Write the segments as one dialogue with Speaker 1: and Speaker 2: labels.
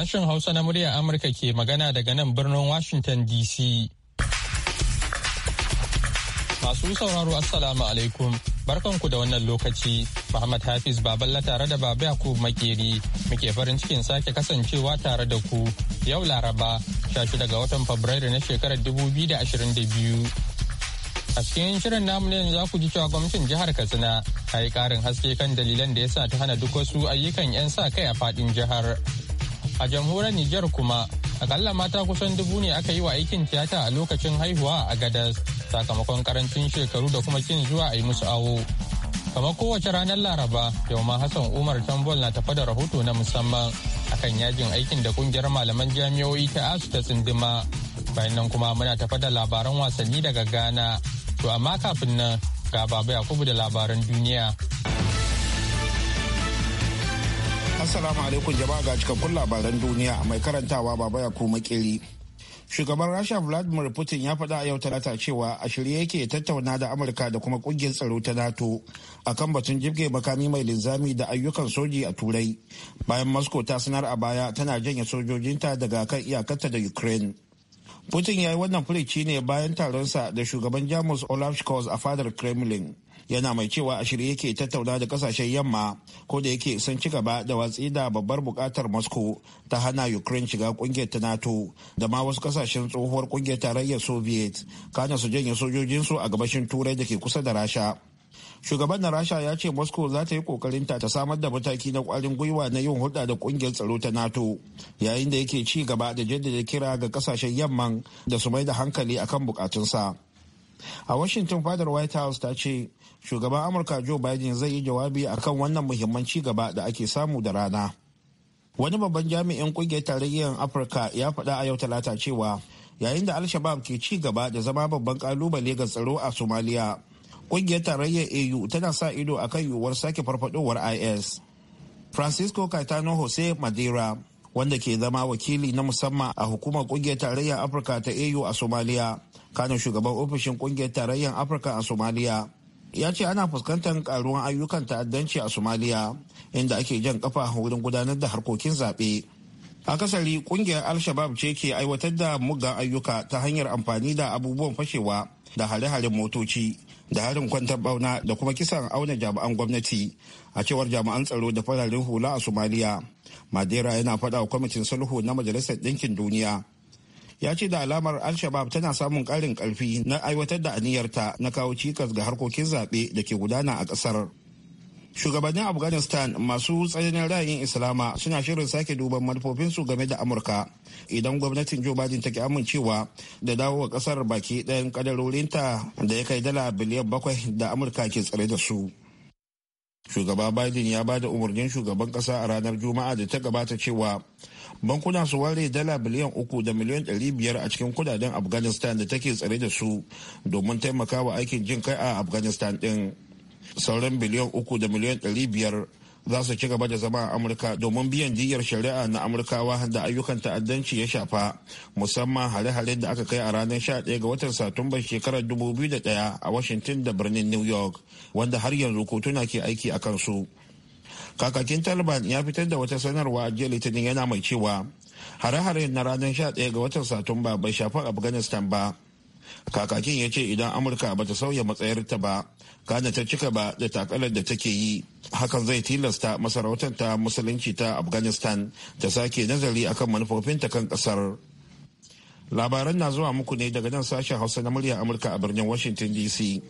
Speaker 1: Sashen Hausa na muryar Amurka ke magana daga nan birnin Washington DC. Masu sauraro Assalamu alaikum barkanku da wannan lokaci Muhammad Hafiz Baballa tare da Baba Yakub Makeri muke farin cikin sake kasancewa tare da ku yau Laraba 16 daga watan Fabrairu na shekarar 2022. A cikin shirin namu ne za ku ji cewa gwamnatin jihar Katsina ta yi ƙarin haske kan dalilan da ya sa ta hana duk wasu ayyukan 'yan sa kai a fadin jihar a jamhuriyar Nijar kuma akalla mata kusan dubu ne aka yi wa aikin tiyata a lokacin haihuwa a gadas sakamakon karancin shekaru da kuma kin zuwa a yi musu awo. Kamar kowace ranar Laraba, yau ma Hassan Umar Tambol na tafa da rahoto na musamman akan yajin aikin da kungiyar malaman jami'o'i ta asu ta tsindima. Bayan nan kuma muna tafa da labaran wasanni daga Ghana. To amma kafin nan ga Baba Yakubu da labaran duniya.
Speaker 2: Assalamu alaikum jama'a ga cikakkun labaran duniya mai karantawa baba ya kuma kiri. Shugaban Rasha Vladimir Putin ya faɗa a yau talata cewa a shirye yake tattauna da Amurka da kuma ƙungiyar tsaro ta NATO a kan batun jibge makami mai linzami da ayyukan soji a Turai. Bayan Moscow ta sanar a baya tana janye sojojinta daga kan iyakarta da Ukraine. Putin ya yi wannan furici ne bayan taron sa da shugaban Jamus Olaf Scholz a fadar Kremlin. yana mai cewa a shirye yake tattauna da kasashen yamma ko da yake sun ci gaba da watsi da babbar bukatar moscow ta hana ukraine shiga kungiyar ta nato da ma wasu kasashen tsohuwar kungiyar tarayyar soviet kana su janye sojojinsu a gabashin turai da ke kusa da rasha shugaban na rasha ya ce moscow za ta yi kokarin ta samar da mataki na kwarin gwiwa na yin hulɗa da kungiyar tsaro ta nato yayin da yake ci gaba da jaddada kira ga kasashen yamman da su mai da hankali akan bukatunsa a washington fadar white house ta ce shugaban amurka joe biden zai yi jawabi akan wannan muhimman gaba da ake samu da rana wani babban jami'in kungiyar tarayyar afirka ya faɗa a yau talata cewa yayin da al-shabab ke ci gaba da zama babban kalubale ga tsaro a somaliya kungiyar tarayyar au tana sa ido a kan yiwuwar sake farfadowar is francisco caetano jose madeira wanda ke zama wakili na musamman a hukumar kungiyar tarayyar afirka ta au a somaliya kanin shugaban ofishin kungiyar tarayyar afirka a somaliya ya ce ana fuskantar karuwan ayyukan ta'addanci a somaliya inda ake jan kafa wurin gudanar da harkokin zaɓe akasari kungiyar al-shabab ce ke aiwatar da muggan ayyuka ta hanyar amfani da abubuwan fashewa da hare-haren motoci da harin kwantar bauna da kuma kisan auna jami'an gwamnati a cewar jami'an tsaro da fararen hula a somaliya madera yana faɗa wa kwamitin sulhu na majalisar ɗinkin duniya ya ce da alamar al-shabab tana samun karin karfi na aiwatar da aniyarta na kawo cikas ga harkokin zaɓe da ke gudana a ƙasar shugabannin afghanistan masu tsananin ra'ayin islama suna shirin sake duban manufofinsu game da amurka idan gwamnatin joe biden ki amincewa da dawo dawowa kasar baki ɗayan kadarorinta da ya kai dala biliyan bakwai da amurka ke tsare da su shugaba biden ya ba da umarnin shugaban kasa a ranar juma'a da ta gabata cewa bankuna su ware dala biliyan uku da miliyan ɗari biyar a cikin kudaden afghanistan da take tsare da su domin taimakawa aikin jin kai a afghanistan ɗin sauran biliyan uku da miliyan ɗari biyar za su ci gaba da zama a amurka domin biyan diyyar shari'a na amurkawa da ayyukan ta'addanci ya shafa musamman hare-hare da aka kai a ranar 11 ga watan satumbar shekarar 2001 a washington da birnin new york wanda har yanzu kotuna ke aiki a kansu kakakin taliban ya fitar da wata sanarwa a jiya litinin yana mai cewa hare-hare na ranar 11 ga watan satumba bai shafi afghanistan ba kakakin ya ce idan amurka ba ta sauya matsayarta ba kana ta cika ba da takalar da take yi hakan zai tilasta masarautar ta musulunci ta afghanistan ta sake nazari akan manufofinta kan kasar labaran na zuwa muku ne daga nan sashen hausa na murya amurka a birnin washington dc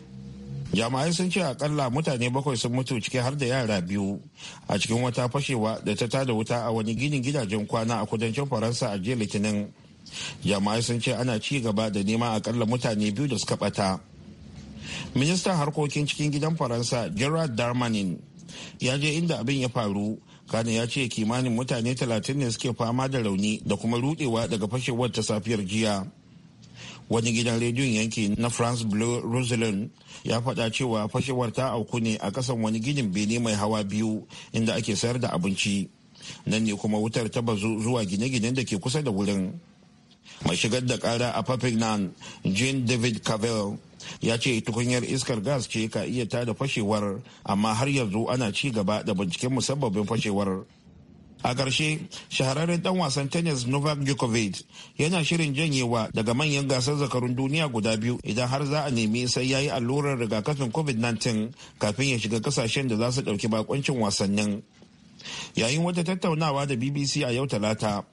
Speaker 2: jama'ai sun ce akalla mutane bakwai sun mutu ciki har da yara biyu a cikin wata fashewa da ta tada wuta a wani ginin gidajen kwana a kudancin faransa a jiya litinin jama'ai sun ce ana ci gaba da neman akalla mutane biyu da suka bata ministan harkokin cikin gidan faransa gerard darmanin ya je inda abin ya faru kane ya ce kimanin mutane talatin ne suke fama da rauni da kuma rudewa daga fashewar ta safiyar jiya wani gidan rediyon yanki na france blue rosalyn ya faɗa cewa fashewar ta auku ne a kasan wani ginin bene mai hawa biyu inda ake sayar da abinci nan ne kuma wutar ta bazu zuwa gine-ginen da ke kusa da wurin mai shigar da kara a papignan jean david cavell ya ce tukunyar iskar gas ce ka iya ta da fashewar amma har yanzu ana ci gaba da binciken musabbabin fashewar a ƙarshe shahararren dan wasan tennis novak djokovic yana shirin janyewa daga manyan gasar zakarun duniya guda biyu idan har za a nemi sai ya yi allurar rigakafin covid-19 kafin ya shiga kasashen da za su ɗauki bakoncin wasannin yayin wata tattaunawa da bbc a yau talata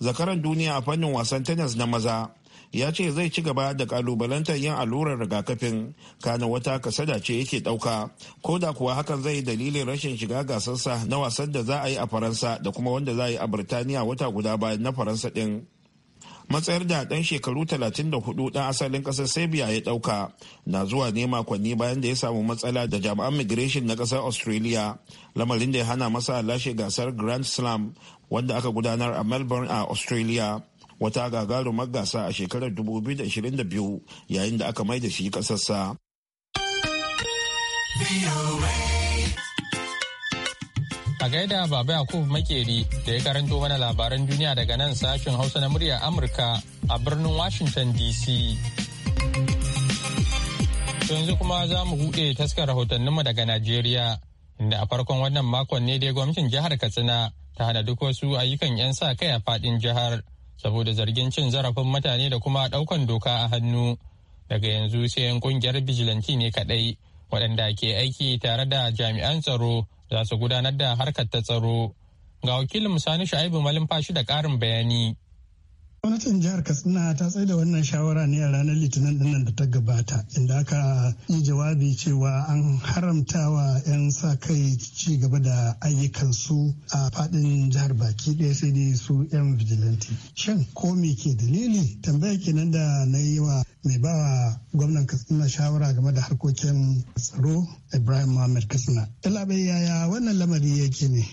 Speaker 2: zakaran duniya a fannin wasan tennis na maza ya ce zai ci gaba da kalubalantar yin allurar rigakafin kana wata kasada ce yake dauka ko da kuwa hakan zai dalilin rashin shiga gasarsa na wasan da za a yi a faransa da kuma wanda za a yi a birtaniya wata guda bayan na faransa din matsayar da dan shekaru 34 dan asalin kasar serbia ya dauka na zuwa ne makonni bayan da ya samu matsala da jami'an migration na kasar australia lamarin da ya hana masa lashe gasar grand slam wanda aka gudanar a melbourne a australia wata gagarumar gasa a shekarar 2022 yayin da aka mai da shi kasassa.
Speaker 1: A gaida Baba Yakubu Makeri da ya karanto mana labaran duniya daga nan sashen Hausa na muryar Amurka a birnin Washington DC. Yanzu kuma za mu huɗe taskar rahotanninmu daga Najeriya, inda a farkon wannan makon ne dai gwamnatin jihar Katsina ta hana duk wasu ayyukan 'yan sa kai a faɗin jihar. saboda zargin cin zarafin mutane da kuma ɗaukan doka a hannu daga yanzu sai yan kungiyar bijilanti ne kadai waɗanda ke aiki tare da jami'an tsaro za su gudanar da harkar ta tsaro ga wakilin sani shu'aibu shi da ƙarin bayani
Speaker 3: Gwamnatin jihar Katsina ta tsaye da wannan shawara ne a ranar Litinin dinnan da ta gabata inda aka yi jawabi cewa an haramta wa 'yan sa kai ci gaba da ayyukansu a fadin jihar baki ɗaya sai dai su 'yan vigilante. Shin ko me ke dalili? Tambaya kenan da na yi wa mai ba wa gwamnan Katsina shawara game da harkokin tsaro Ibrahim Muhammad Katsina. Ɗalabai yaya wannan lamari yake ne?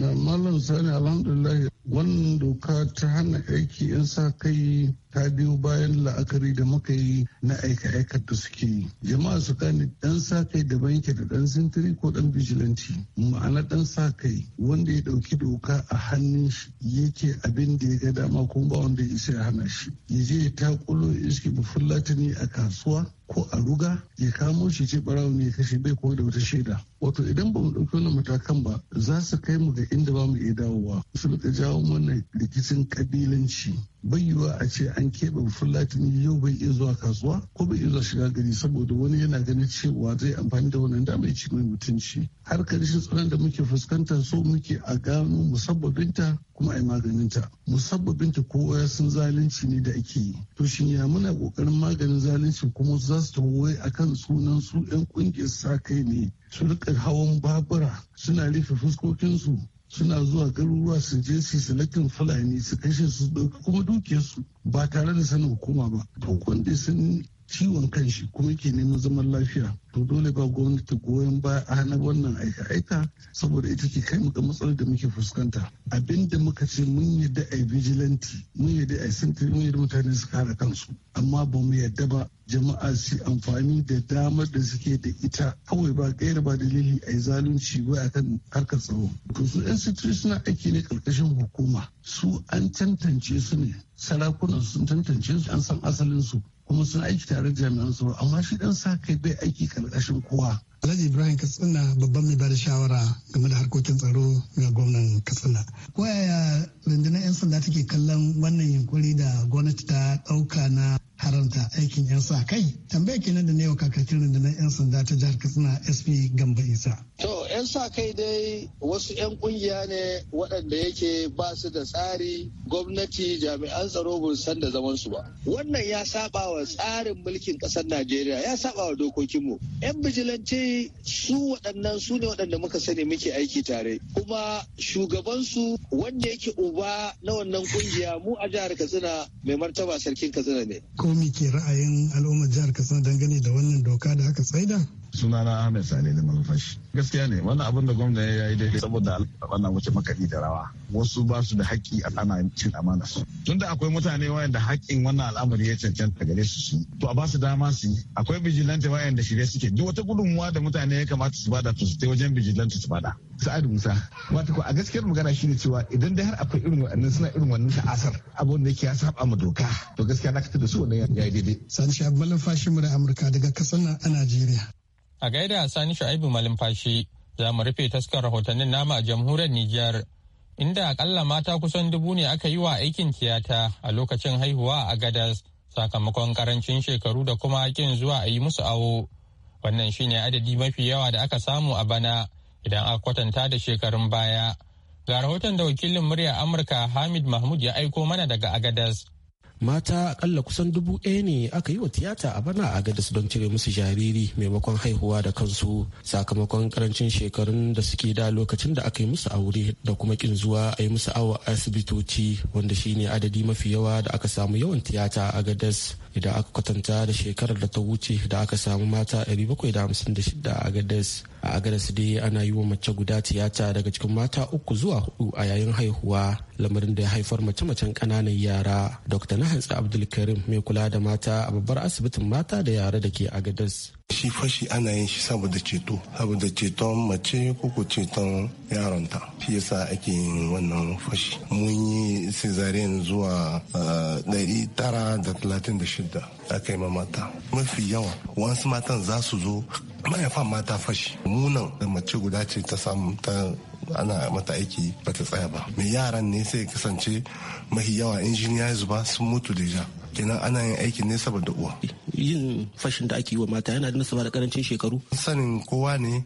Speaker 3: mallam Sani alhamdulillah wannan doka ta hana aiki in sa kai ta biyo bayan la'akari da muka yi na aika-aikar da suke yi jama'a su gane dan sa kai da banki da dan sintiri ko dan bijilanci ma'ana dan sa kai wanda ya dauki doka a hannun shi yake abin da ya ga dama kuma ba wanda ya isa ya hana shi ya je ya takulo iski bufulatani a kasuwa ko a ruga ya kamo shi ce barawo ne kashe bai kuma da wata shaida wato idan ba mu ɗauki wannan matakan ba za su kai mu ga inda ba mu iya dawowa su rika jawo mana rikicin kabilanci bai yiwuwa a ce an keɓe fulatini yau bai iya zuwa kasuwa ko bai iya zuwa shiga gari saboda wani yana ganin cewa zai amfani da wannan dama ci mai mutunci har karshe tsaron da muke fuskanta so muke a gano musabbabinta kuma a maganinta musabbabinta kowa sun zalunci ne da ake yi to shin ya muna kokarin maganin zalunci kuma za su a akan sunan su yan kungiyar sa kai ne su rika hawan babura suna rufe fuskokinsu suna zuwa garuruwa su je su fulani su kashe su kuma dukiyarsu ba tare da sanin hukuma ba to wanda sun ciwon kan shi kuma yake neman zaman lafiya to dole ba gwamnati goyon baya A hana wannan aika-aika saboda ita ce kai muka matsalar da muke fuskanta abinda muka ce mun yadda a vigilanti mun yadda a sintiri mun yadda mutane su kare kansu amma ba mu yadda ba jama'a su amfani da damar da suke da ita kawai ba kaira ba dalili a zalunci ba akan harkar tsaro to su yan suna aiki ne karkashin hukuma su an tantance su ne sarakunan sun tantance su an san asalin su kuma sun aiki tare da jami'an tsaro amma shi dan sa kai bai aiki karkashin kowa Alhaji Ibrahim Katsina babban mai bada shawara game da harkokin tsaro ga gwamnan Katsina. Ko yaya rundunar 'yan sanda take kallon wannan yunkuri da gwamnati ta ɗauka na haramta aikin 'yan sa kai tambaya kenan da na yau kakakin na 'yan sanda ta jihar katsina sp gamba isa
Speaker 4: to 'yan sa kai dai wasu 'yan kungiya ne waɗanda yake ba su da tsari gwamnati jami'an tsaro ba san da zaman su ba wannan ya saba wa tsarin mulkin ƙasar najeriya ya saba wa dokokinmu 'yan bijilanci su waɗannan su ne waɗanda muka sani muke aiki tare kuma shugabansu wanda yake uba na wannan kungiya mu a jihar katsina mai martaba sarkin katsina ne
Speaker 3: ko ke ra'ayin al'ummar jihar katsina dangane da wannan doka da aka tsaida sunana
Speaker 5: ahmed sale da Malfashi. gaskiya ne wannan abin da gwamna ya yi daidai saboda wannan wuce makaɗi da rawa wasu ba su da haƙƙi a ana cin amana su tunda akwai mutane wayanda haƙƙin wannan al'amari ya cancanta gare su su to a ba su dama su yi akwai vigilante wayanda shirye suke duk wata gudunmuwa da mutane ya kamata su bada to su ta wajen vigilante su bada Sa'adu musa
Speaker 6: wata ko a gaskiyar magana shine cewa idan da har akwai irin waɗannan suna irin wannan asar abin da yake ya saba ma doka to gaskiya na da su wannan ya yi daidai sani shabu malumfashi mu da amurka daga kasar na a najeriya
Speaker 1: A gaida Sani Shu'aibu Malumfashi za mu rufe taskar rahotannin nama a jamhuriyar Nijar. Inda akalla mata kusan dubu ne aka yi wa aikin tiyata a lokacin haihuwa a Gadas sakamakon karancin shekaru da kuma kin zuwa a yi musu awo. Wannan shine adadi mafi yawa da aka samu a bana idan aka kwatanta da shekarun baya. Ga rahoton da wakilin murya Amurka Hamid Mahmud ya aiko mana daga Agadas.
Speaker 7: mata akalla kusan dubu ɗaya ne aka yi wa tiyata a bana a gadas don cire musu jariri maimakon haihuwa da kansu sakamakon karancin shekarun da suke da lokacin da aka yi musu aure da kuma kin zuwa a yi musu awa asibitoci wanda shine adadi mafi yawa da aka samu yawan tiyata a gadas idan aka kwatanta da shekarar da ta wuce da aka samu mata 756 a gadas a agadas dai ana yi wa mace guda tiyata daga cikin mata uku zuwa hudu a yayin haihuwa lamarin da ya haifar mace-macen kananan yara dr nahansa abdulkarim mai kula da mata a babbar asibitin mata da yara da ke agadas shi fashi ana yin shi saboda
Speaker 6: ceto saboda ceton mace ko ceton yaronta shi yasa ake yin wannan fashi mun yi cesarean zuwa eh, tara da da talatin shida aka yi ma mata mafi yawa wasu matan za su zo mahaifan mata fashi munan da mace guda ce ta samu ta ana mata aiki ba ta tsaya ba mai yaran ne sai kasance mahi yawa injiniya zuba sun mutu da ja. kenan ana yin aikin ne saboda uwa yin fashin da ake yi wa mata yana da nasaba da karancin shekaru sanin kowa ne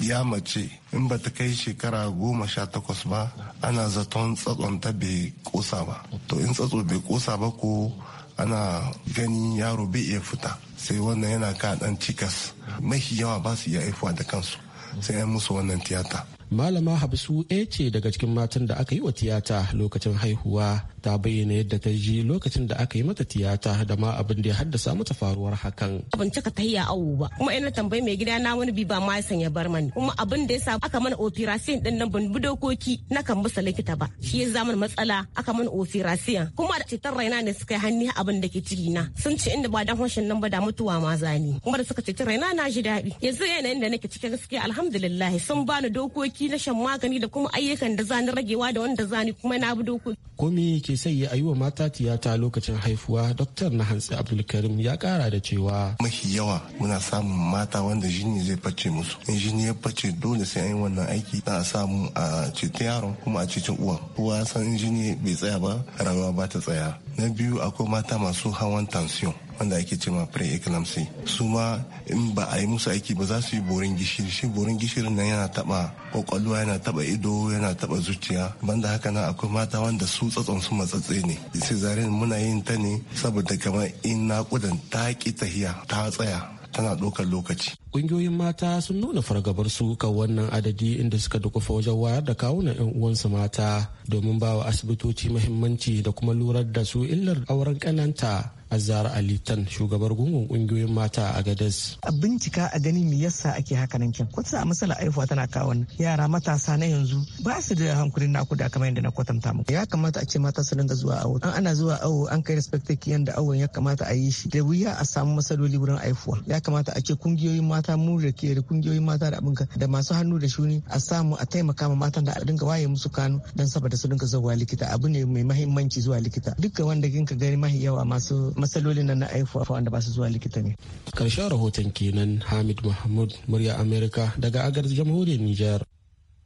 Speaker 6: ya mace in ba ta kai shekara goma sha takwas ba ana zaton tsatsonta bai kosa ba to in tsatso bai kosa ba ko ana gani yaro bai iya fita sai wannan yana ka dan cikas mafi yawa ba su iya haifuwa da kansu sai an musu wannan tiyata malama habsu ɗaya ce daga cikin matan da
Speaker 7: aka yi wa tiyata lokacin haihuwa ta bayyana yadda ta ji lokacin da aka yi mata tiyata da ma abin da ya haddasa mata faruwar hakan. abin cika tahiya awo ba kuma ina tambayi mai gida na wani bi ba ma san ya bar mani kuma abin da ya sa aka mana operation din nan ban bi dokoki na kan musa likita ba shi ya zama matsala aka mana operation kuma da cutar raina ne suka yi hannu abin da ke ciki na sun ce inda ba dan hoshin nan ba da mutuwa ma zani kuma da suka ceci raina na ji daɗi yanzu yanayin da nake cikin gaskiya alhamdulillah sun bani dokoki na shan magani da kuma ayyukan da zani ragewa da wanda zani kuma na bi dokoki. Komi ke sai ya yi wa mata tiyata lokacin haifuwa Dr. hansi Abdulkarim ya kara da cewa. Mafi yawa
Speaker 6: muna samun mata wanda jini zai face musu. In jini ya face dole sai an yi wannan aiki za a samu a ceto yaron kuma a ceto uwa. Uwa san jini bai tsaya ba rayuwa ba ta tsaya. na biyu akwai mata masu hawan tansiyon wanda ake cewa pre-eclampsy su ma in ba a yi musu aiki ba za su yi borin gishiri shi borin gishirin nan yana taba kwakwalwa yana taba ido yana taba zuciya banda haka nan akwai mata wanda su tsatson su matsatse ne sai zarin muna yin ta ne saboda kamar in naƙudan ta ki tahiya ta tsaya tana ɗaukar lokaci
Speaker 7: kungiyoyin mata sun nuna fargabar su kan wannan adadi inda suka dukufa wajen wayar da kawuna 'yan uwansu mata domin ba wa asibitoci mahimmanci da kuma lurar da su illar auren kananta a alitan shugabar gungun kungiyoyin mata a gadas
Speaker 4: a bincika a gani me yasa ake haka nan kin kwata a misala aifuwa tana kawo yara matasa na yanzu
Speaker 7: ba su da hankulin kuda
Speaker 4: kamar yadda na kwatanta muku ya kamata a ce mata su dinga zuwa awo an ana zuwa awo an kai respect yanda awon ya kamata a yi shi da wuya a samu masaloli wurin aifuwa ya kamata a ce kungiyoyin mata mata mu da ke da kungiyoyin mata da abinka da masu hannu da shuni a samu a taimaka ma matan da a dinga waye musu kanu dan saboda su dinga zuwa likita abu ne mai mahimmanci zuwa likita duka wanda ginka gani mahi yawa masu
Speaker 7: matsalolin nan na aifuwa wanda ba su zuwa likita ne karshen rahoton kenan hamid mahmud murya amerika daga agar jamhuriyar niger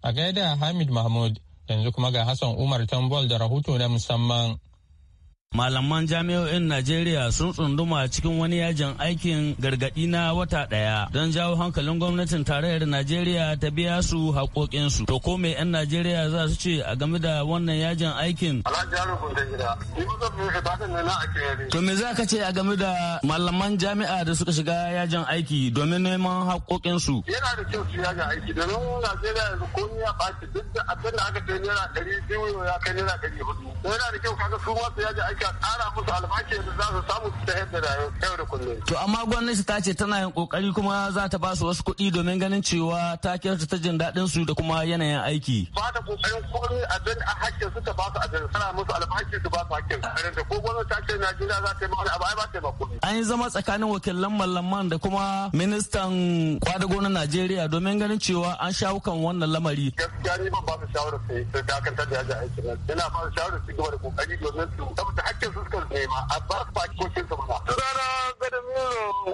Speaker 1: a gaida hamid mahmud yanzu kuma ga hassan umar tambol da rahoto na musamman malaman jami'o'in najeriya
Speaker 8: sun tsunduma cikin wani yajin aikin gargadi na wata daya don jawo hankalin gwamnatin tarayyar najeriya ta biya su haƙoƙinsu to ko me 'yan najeriya za su ce a game da wannan yajin aikin to me za ka ce a game da malaman jami'a da suka shiga yajin aiki domin neman haƙoƙinsu
Speaker 5: yana da kyau su yaga aiki domin najeriya yanzu ko ya ɓaci duk da abin da aka ce naira ɗari biyu ya kai naira ɗari hudu yana da kyau kaga su ma su yaga aiki suka ƙara musu albashi da za su samu su sayar da yau da kullum.
Speaker 8: To amma gwamnati ta ce tana yin kokari kuma za ta ba su wasu kuɗi domin ganin cewa ta kyautata jin daɗin su da kuma yanayin aiki.
Speaker 5: Ba ta kokarin komai abin a hakkin su ta ba su abin tana musu albashi su ba su hakkin. Da ko gwamnati ta ce na jina za ta yi ma'ana ba ta yi
Speaker 8: kuɗi. An yi zama tsakanin wakilan mallaman da kuma ministan kwadago na Najeriya domin ganin cewa an shawo kan wannan lamari.
Speaker 5: Gaskiya ni ban ba su shawarar su dakatar da yajin aiki. Ina ba su shawarar su gaba da kokari domin su tabbata hakkin su suka a próxima su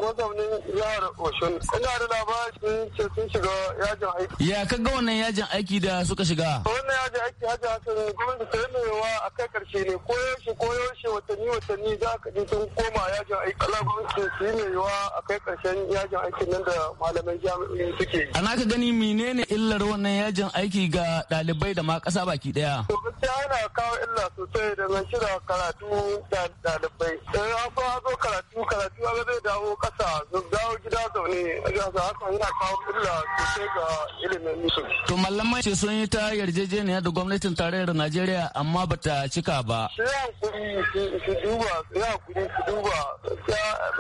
Speaker 5: mazaunin jihar Oshun. Ina da labarin ce sun shiga yajin aiki. Ya
Speaker 8: kaga wannan yajin aiki da suka shiga?
Speaker 5: Wannan yajin aiki hajji Hassan gwamnati ta yamewa a kai karshe ne ko yaushe ko yaushe watanni watanni za ka ji sun koma yajin aiki. Allah gwamnati su yi yamewa a kai karshen yajin aikin nan da malamai. jami'in suke.
Speaker 8: A naka gani menene illar wannan yajin aiki ga ɗalibai da ma ƙasa baki ɗaya? To
Speaker 5: gaskiya yana kawo illa sosai da zan shirya karatu da ɗalibai. Idan an zo karatu karatu a zai dawo ƙasa sa su dawo gida zaune ya sa hakan yana kawo illa sosai ga ilimin musu. To mallamai
Speaker 8: ce sun yi ta yarjejeniya da gwamnatin tarayyar Najeriya amma bata cika ba. Sai
Speaker 5: yi hankuri su duba sai yi hankuri su duba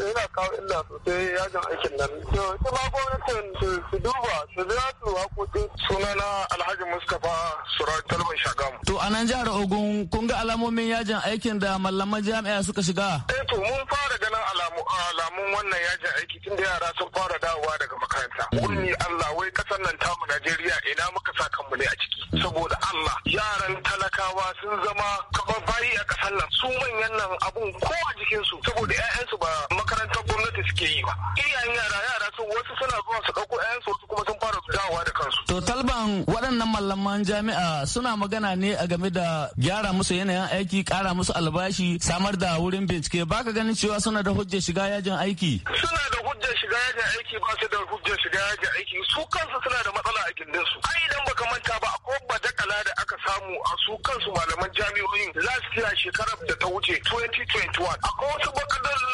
Speaker 5: yana kawo illa sosai yajin aikin nan. To ita ma gwamnatin su duba su biya su hakokin sunana Alhaji Mustapha Surat Talban Shagamu.
Speaker 8: To a nan jihar Ogun kun ga alamomin yajin aikin da mallaman jami'a suka shiga?
Speaker 5: Eh to mun fara alamun wannan yajin aiki tun da yara sun fara dawowa daga makaranta. Kunni Allah wai kasar nan tamu Najeriya ina muka sa kanmu ne a ciki. Saboda Allah yaran talakawa sun zama kamar bayi a kasar nan su manyan nan abun ko a jikinsu saboda 'ya'yansu ba makarantar gwamnati suke yi ba. Iyayen yara yara sun wasu suna zuwa su ɗauko 'ya'yansu
Speaker 8: musamman waɗannan malaman jami'a suna magana ne a game da gyara musu yanayin aiki ƙara musu albashi samar da wurin bincike baka ganin cewa suna da hujjar shiga yajin aiki suna da hujjar shiga yajin aiki
Speaker 5: ba su da hujjar shiga yajin aiki su kansu suna da matsala a gindin su ai idan baka manta ba akwai badakala da aka samu a su kansu malaman jami'o'in last year shekarar da ta wuce 2021 akwai wasu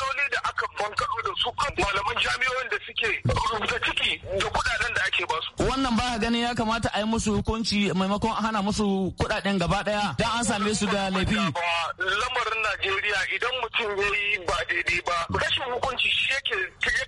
Speaker 5: loli da karo da su malaman jami'o'in da suke rubuta ciki da kuɗaɗen da ake basu.
Speaker 8: Wannan ba ganin ya kamata a yi musu hukunci maimakon a hana musu kuɗaɗen gaba daya dan an same su da laifi.
Speaker 5: Lamarin Najeriya idan mutum ya yi ba daidai ba rashin hukunci shi yake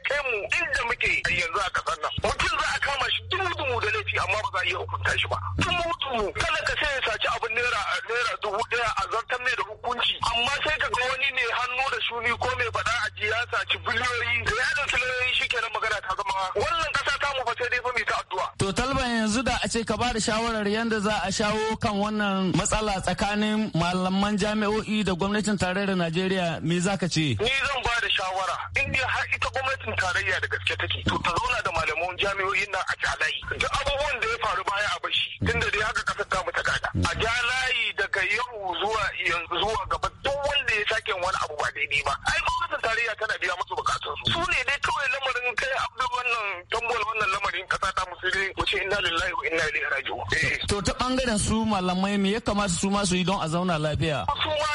Speaker 5: kai mu inda muke yanzu a kasar nan. Mutum za a kama shi duk mu da laifi amma ba za a iya hukunta shi ba Tun mutu kada ka sai ya saci abin naira naira dubu ɗaya a zartar ne da hukunci amma sai ka ga wani ne hannu da shuni ko mai faɗa a ji ya saci biliyoyi da ya da siliyoyi shi kenan magana ta zama wannan ƙasa ta mu ba sai
Speaker 8: dai fa mai ta addu'a. to talban yanzu da a ce ka ba da shawarar yadda za a shawo kan wannan matsala tsakanin malaman jami'o'i da gwamnatin tarayyar najeriya me za ka ce.
Speaker 5: ni zan ba da shawara in har ita gwamnatin tarayya da gaske take to ta zauna da malaman jami'o'in nan a alayi duk abubuwan da ya faru baya a bashi mm. tunda dai haka kasar ta mu ta gada mm. a ja layi daga yau zuwa yanzu zuwa gaba duk wanda ya sake wani abu ba daidai ba ai gwamnatin tarayya tana biya musu bukatun su ne dai kawai lamarin kai abdul wannan tambol wannan lamarin kasa ta musu dai mu ce inna lillahi wa inna ilaihi raji'un
Speaker 8: to eh. ta bangaren su malamai me ya kamata su ma su yi don a zauna lafiya
Speaker 5: su ma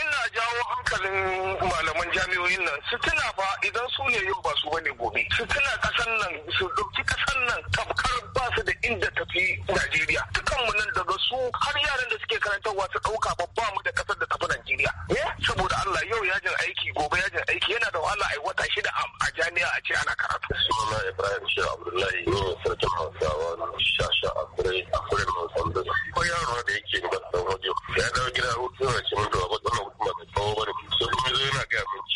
Speaker 5: ina jawo hankalin malaman jami'o'in nan su tuna fa idan su ne yau ba su bane gobe su tuna kasan nan su dauki kasan nan ta su da inda tafi Najeriya mu nan daga su har yaran da suke karantarwa su ɗauka babba mu da ƙasar da tafi Najeriya eh? saboda Allah yau yajin aiki gobe
Speaker 9: yajin aiki yana da wahala a wata shida a jami'a a ce ana karatu sunana Ibrahim Shehu Abdullahi ne sarkin Hausawa shasha akure akure mun da ko yaro da yake da waje ya dawo gida hutu na kin da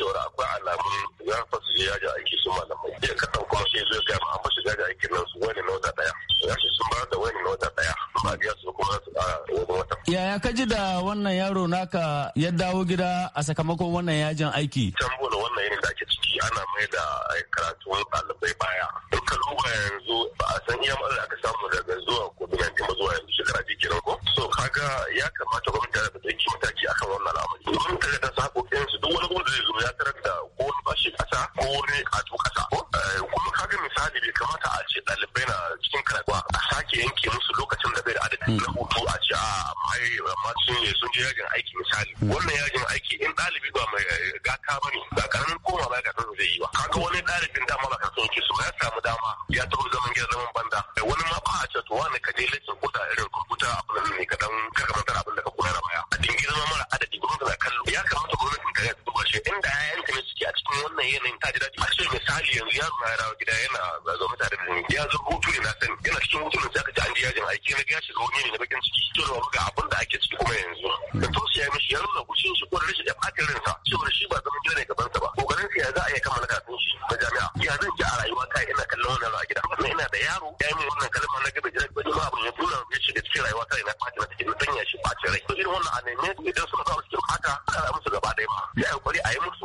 Speaker 9: cewar akwai alamun ya fasu je yaji aiki su malamai ya kaɗan kuma sai zo ga an fasu yaji aiki nan su wani na wata daya ya shi sun ba da wani na wata daya ba biya su kuma su ƙara wani wata.
Speaker 8: yaya ka ji da wannan yaro naka ya dawo gida a sakamakon wannan yajin aiki. can
Speaker 9: bola wannan yanayin da ake ciki ana mai da karatun ɗalibai baya dukkan uba yanzu ba a san iya matsala aka samu daga zuwa ko gobe yanzu zuwa yanzu shekara biyu kenan ko so kaga ya kamata gwamnati ta ɗauki mataki akan wannan al'amari gwamnati ta sa haƙoƙin duk wani gwamnati zai zo ya tarar da ko wani bashi kasa ko wani atu kasa ko eh, kuma kaga misali bai kamata a ce ɗalibai na cikin karatuwa a sake yanke musu lokacin da bai da adadi na hutu a ce a ah, ai amma sun je sun je yajin aiki misali wannan yajin aiki in ɗalibi ba mai eh, gata ba ne ba karamin koma ba ya zai yi ba kaga wani ɗalibin dama ba ka yake su ba ya samu dama ya taɓa zaman gida zaman banda eh, wani ma ba a ce to wani ka je lecin ko da irin kwamfuta abin da ne ka dan ka abin da ka kula da baya a dingirma mara adadi gwamnati na kallo ya kamata ko wannan yanayin ta ji daɗi a ce misali yanzu yaro na yarawa gida yana zaune tare da ni ya zo hutu ne na sani yana cikin hutu ne sai aka ji an ji yajin aiki na gashi zo ne na bakin ciki to da ga abin da ake ciki kuma yanzu da to sai ya mishi ya nuna kushin shi ko da rashin da ɓata ransa saboda shi ba zama gida ne gaban sa ba kokarin sa ya za a iya kammala kafin shi na jami'a ya zan ji a rayuwa ta ina kallon wannan a gida kuma ina da yaro ya yi min wannan kalma na gaba jira ba ma abin ya tura ya shiga cikin rayuwa ta ina ɓata na cikin sanya shi ɓacin rai to irin wannan a neme idan suna za su cikin ɓata a musu gaba ɗaya ma ya yi kwari a yi musu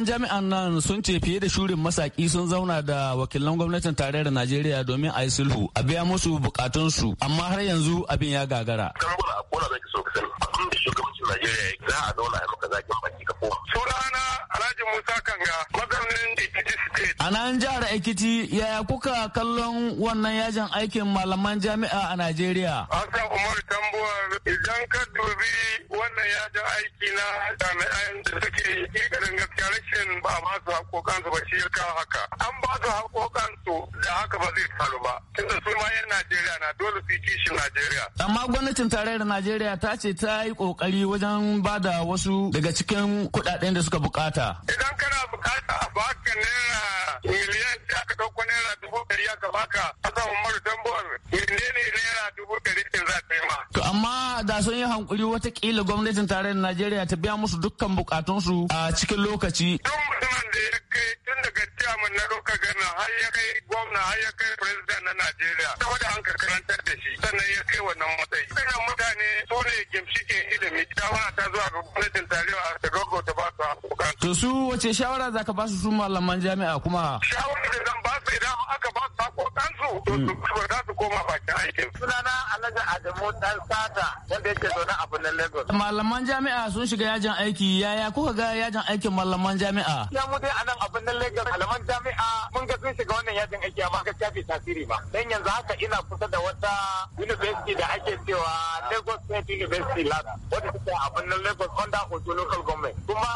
Speaker 8: yayan jami'an nan sun ce fiye da shurin masaki sun zauna da wakilan gwamnatin tarayyar Najeriya domin a yi sulhu a biya musu bukatunsu amma har yanzu abin ya gagara. a kona zaki so ka sani.
Speaker 9: Abin da shugabancin Najeriya za a zauna a maka zakin baki ka koma. Musa Kanga mazaunin Ekiti State.
Speaker 8: A nan jihar Ekiti yaya kuka kallon wannan yajin aikin malaman jami'a
Speaker 5: a Najeriya? Hassan Umar Tambuwar idan ka dubi wannan yajin aiki na jami'an da suke yi ƙiƙarin gaskiya rashin ba a ba su haƙoƙansu ba shi ya kawo haka. An ba su haƙoƙansu da haka ba zai faru ba. Tunda dole su kishin Najeriya.
Speaker 8: Amma gwamnatin tarayyar Najeriya ta ce ta yi kokari wajen ba da
Speaker 5: wasu daga cikin kuɗaɗen da suka bukata. Idan kana bukata a baka naira miliyan da aka ɗauko naira dubu ɗari aka baka, Hassan Umaru Dambuwar, ne
Speaker 8: naira dubu ɗari ɗin za ta yi ma. amma da sun yi hankuri watakila gwamnatin tarayyar najeriya
Speaker 5: ta biya musu dukkan bukatunsu a cikin lokaci duk mutumin da ya kai tun daga chairman na roka gana har ya kai gwamna har ya kai president na najeriya saboda an ka karantar da shi sannan ya kai wannan matsayi sannan mutane su ne gimshikin ilimi shawara ta zuwa ga gwamnatin tarayya a ta gaggauta ba su
Speaker 8: To su wace shawara za ka ba su su malaman jami'a kuma?
Speaker 5: Shawara da zan ba su idan aka ba su sakotansu to su za mm. su koma bakin aikin. Sunana Alhaji Adamu Dan Sata wanda yake zaune a birnin Lagos.
Speaker 8: Malaman jami'a sun shiga yajin aiki yaya kuka ga yajin aikin malaman jami'a?
Speaker 5: Ya mu dai a nan a birnin Lagos malaman jami'a sun shiga wannan yajin aiki amma gaskiya bai tasiri ba dan yanzu haka ina kusa da wata university da ake cewa Lagos State University Lab wanda take a birnin Lagos under Ojo local government kuma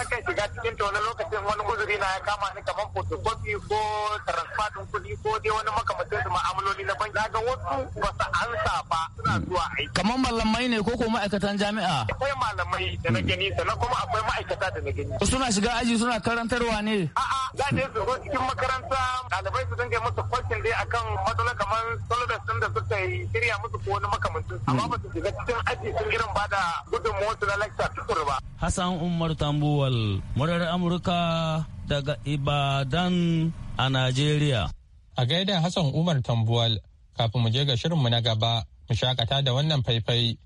Speaker 5: sakai shiga cikin ta wani lokacin wani guzuri na ya kama ni kaman photocopy ko transfer din kuɗi ko dai wani makamacin su ma'amaloli na banki daga wasu ba su ansa ba suna zuwa aiki
Speaker 8: kaman malamai ne ko ko ma'aikatan jami'a
Speaker 5: akwai malamai da na gani sannan kuma akwai ma'aikata da na gani suna
Speaker 8: shiga aji suna karantarwa ne a'a
Speaker 5: za su zo cikin makaranta sa ɗalibai su dinga musu kwashin dai akan matsalar kamar solidus din da suka yi shirya musu ko wani makamancin amma ba su shiga cikin aji sun irin
Speaker 1: ba da gudunmuwa su na lecture tukur ba. Hassan Umar Tambuwal, murar Amurka daga Ibadan a Najeriya. A gaida Hassan Umar Tambuwal, kafin mu je ga shirin mu na gaba, mu shakata da wannan faifai.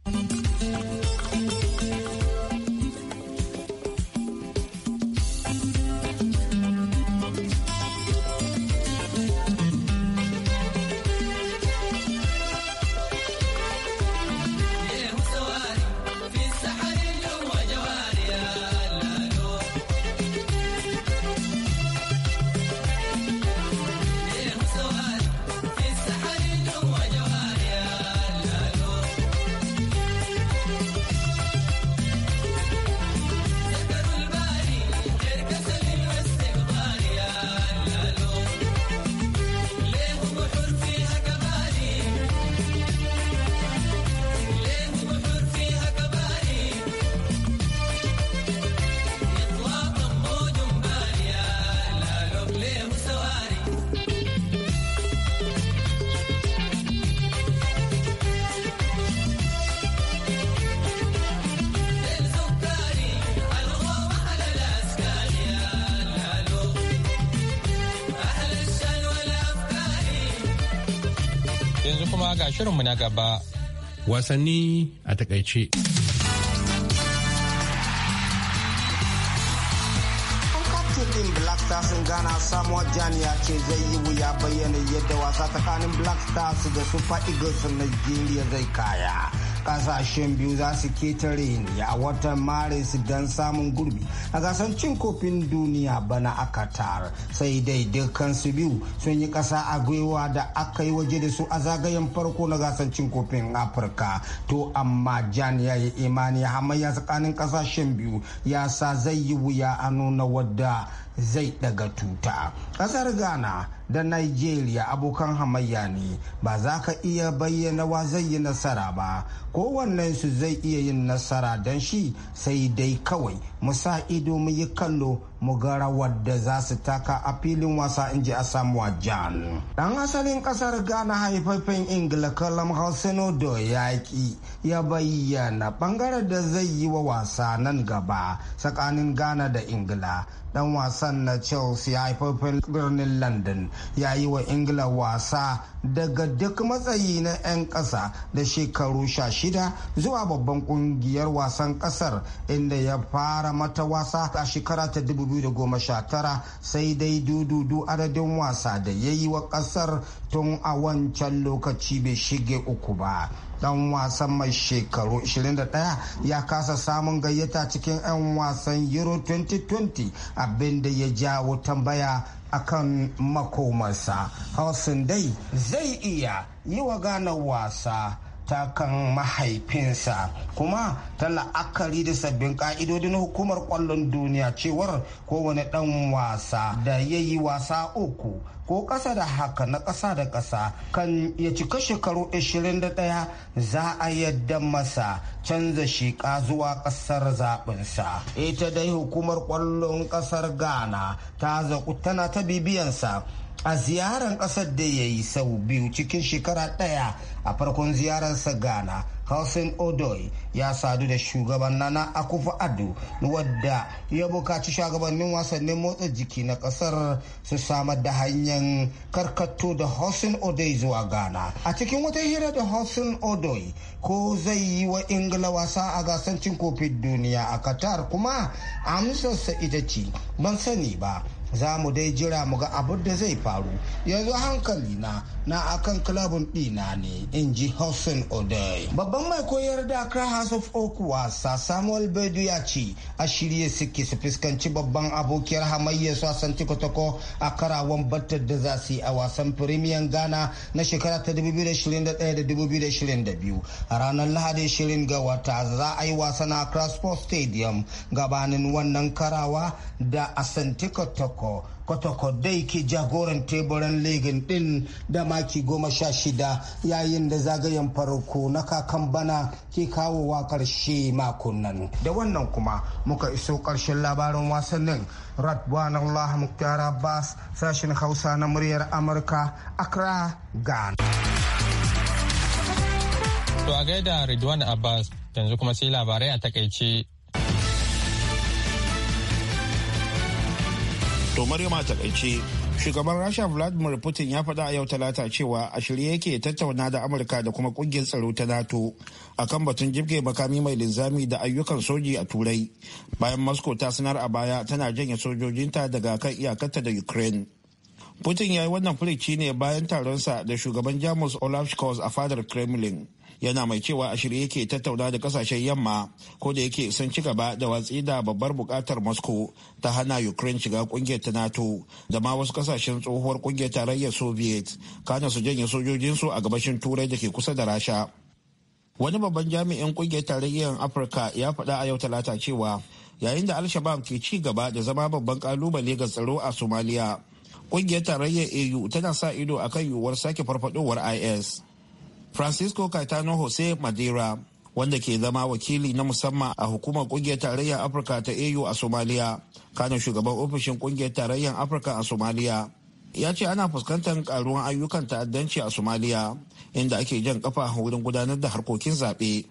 Speaker 1: kuma ga shirinmu na gaba. Wasanni a takaice.
Speaker 4: din Black Stars in Ghana Samuel Jan ya ce zai yi wuya bayyana yadda wasa tsakanin Black Stars da Super Eagles Nigeria zai kaya. kasashen biyu za su ketare ni a watan maris don samun gurbi a gasar cin kofin duniya bana a qatar sai dai dukkan su biyu sun yi kasa a gwiwa da aka yi waje da su a zagayen farko na gasar cin kofin afirka to amma jan ya yi imani hamayya tsakanin kasashen biyu ya sa zai yi wuya a nuna wadda zai daga tuta kasar ghana da nigeria abokan hamayya ne ba za ka iya bayyana wa zai yi nasara ba su zai iya yin nasara don shi sai dai kawai mu sa ido mu yi kallo mu ga rawar da za su taka a filin wasa in ji asamuwa jan dan asalin kasar ghana haifafen ingila kalam hausano da yaƙi ya bayyana bangaren da zai yi wa wasa nan gaba tsakanin ghana da ingila dan wasan na chelsea haifafen birnin london ya yi wa ingila wasa daga duk matsayi na 'yan ƙasa da shekaru sha shida zuwa babban kungiyar wasan ƙasar inda ya fara mata wasa a shekara ta 2019 sai dai dududu adadin wasa da ya yi wa ƙasar tun a wancan lokaci bai shige uku ba dan wasan mai shekaru 21 ya kasa samun gayyata cikin 'yan wasan euro 2020 abinda ya jawo tambaya akan makomarsa hausin dai zai iya yi wa gane wasa ta kan mahaifinsa kuma ta la'akari da sabbin ka'idodin hukumar kwallon duniya cewar kowane dan wasa da ya yi wasa uku ko ƙasa da haka na ƙasa da ƙasa kan ya cika shekaru 21 za a yadda masa canza shiƙa zuwa ƙasar zaɓinsa. Ita dai hukumar kwallon ƙasar Ghana ta zaƙu tana ta bibiyansa a ziyarar kasar da ya yi sau biyu cikin shekara ɗaya a farkon ziyararsa ghana Hussein Odoi ya sadu da shugaban Nana akufa ado wadda ya bukaci shugabannin wasannin motsa jiki na kasar su samar da hanyar karkato da Hussein Odoi zuwa Ghana. A cikin wata hira da Hussein Odoi ko zai yi wa Ingila wasa a gasar cin kofin duniya a Qatar kuma amsarsa ita ce ban sani ba za mu dai jira mu ga abin da zai faru yanzu hankali na na akan kilabin dina ne in ji hussein odai babban mai koyar da accra house of oak wasa samuel bedu ya ce a shirye suke su fuskanci babban abokiyar hamayyar su wasan tikotoko a karawan batar da za su yi a wasan firimiyan ghana na shekara ta 2021 da 2022 a ranar lahadi shirin ga wata za a yi wasan a accra sports stadium gabanin wannan karawa da tikotoko kotoko kotoko dai ke jagoran teburan legin din da maki goma sha shida yayin da zagayen farko na kakan bana ke kawowa karshe makon nan da wannan kuma muka iso karshen labarin wasannin radwan allah muktar abbas sashen hausa na muryar amurka accra ghana
Speaker 1: to a gaida ridwan abbas yanzu kuma sai labarai a takaice
Speaker 2: To Maryama ta kaice shugaban Rasha Vladimir Putin ya faɗa a yau talata cewa a shirye yake tattauna da Amurka da kuma kungiyar tsaro ta NATO akan batun jibge makami mai linzami da ayyukan soji a Turai bayan Moscow ta sanar a baya tana janye sojojinta daga kan iyakarta da Ukraine. Putin ya yi wannan furici ne bayan taronsa da shugaban Jamus Olaf Scholz a fadar Kremlin. yana mai cewa a shirye yake tattauna da kasashen yamma ko da yake sun ci gaba da watsi da babbar bukatar moscow ta hana ukraine shiga kungiyar ta nato da ma wasu kasashen tsohuwar kungiyar tarayyar soviet kana su janye sojojinsu a gabashin turai da ke kusa da rasha wani babban jami'in kungiyar tarayyar afirka ya faɗa a yau talata cewa yayin da al-shabab ke ci gaba da zama babban kalubale ga tsaro a somalia kungiyar tarayyar au tana sa ido akan yiwuwar sake farfadowar is francisco caetano jose madera wanda ke zama wakili na musamman a hukumar kungiyar tarayyar afirka ta au a Somalia kano shugaban ofishin kungiyar tarayyar afirka a Somalia ya ce ana fuskantar karuwan ayyukan ta'addanci a Somalia inda ake jan kafa wurin gudanar da harkokin zaɓe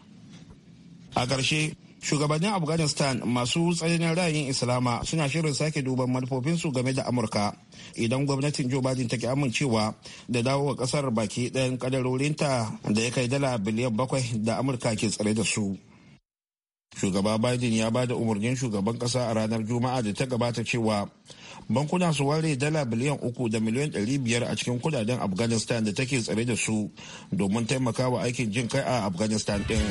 Speaker 2: a ƙarshe shugabannin afghanistan masu tsananin ra'ayin islama suna shirin sake duban manufofinsu game da amurka idan gwamnatin joe biden ki amincewa da dawo wa kasar baki ɗayan kadarorinta da ya kai dala biliyan bakwai da amurka ke tsare da su shugaba biden ya ba da umarnin shugaban kasa a ranar juma'a da ta gabata cewa bankuna su ware dala biliyan uku da miliyan ɗari biyar a cikin kudaden afghanistan da take tsare da su domin taimakawa aikin jin kai a afghanistan ɗin.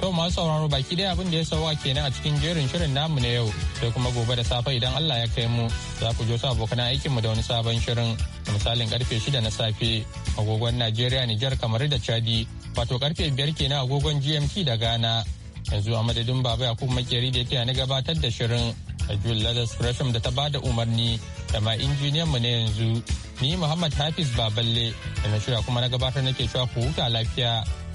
Speaker 1: To masu sauraro baki daya abin da ya sauwa kenan a cikin jerin shirin namu na yau sai kuma gobe da safe idan Allah ya kai mu za ku jo abokan aikin mu da wani sabon shirin misalin karfe shida na safe agogon Najeriya Nijar kamar da Chadi wato karfe biyar kenan agogon GMT da Ghana yanzu a madadin baba ya kuma makeri da yake na gabatar da shirin a Jule Ladas da ta bada umarni da ma injiniyan mu na yanzu ni Muhammad Hafiz Baballe da na shirya kuma na gabatar nake cewa ku huta lafiya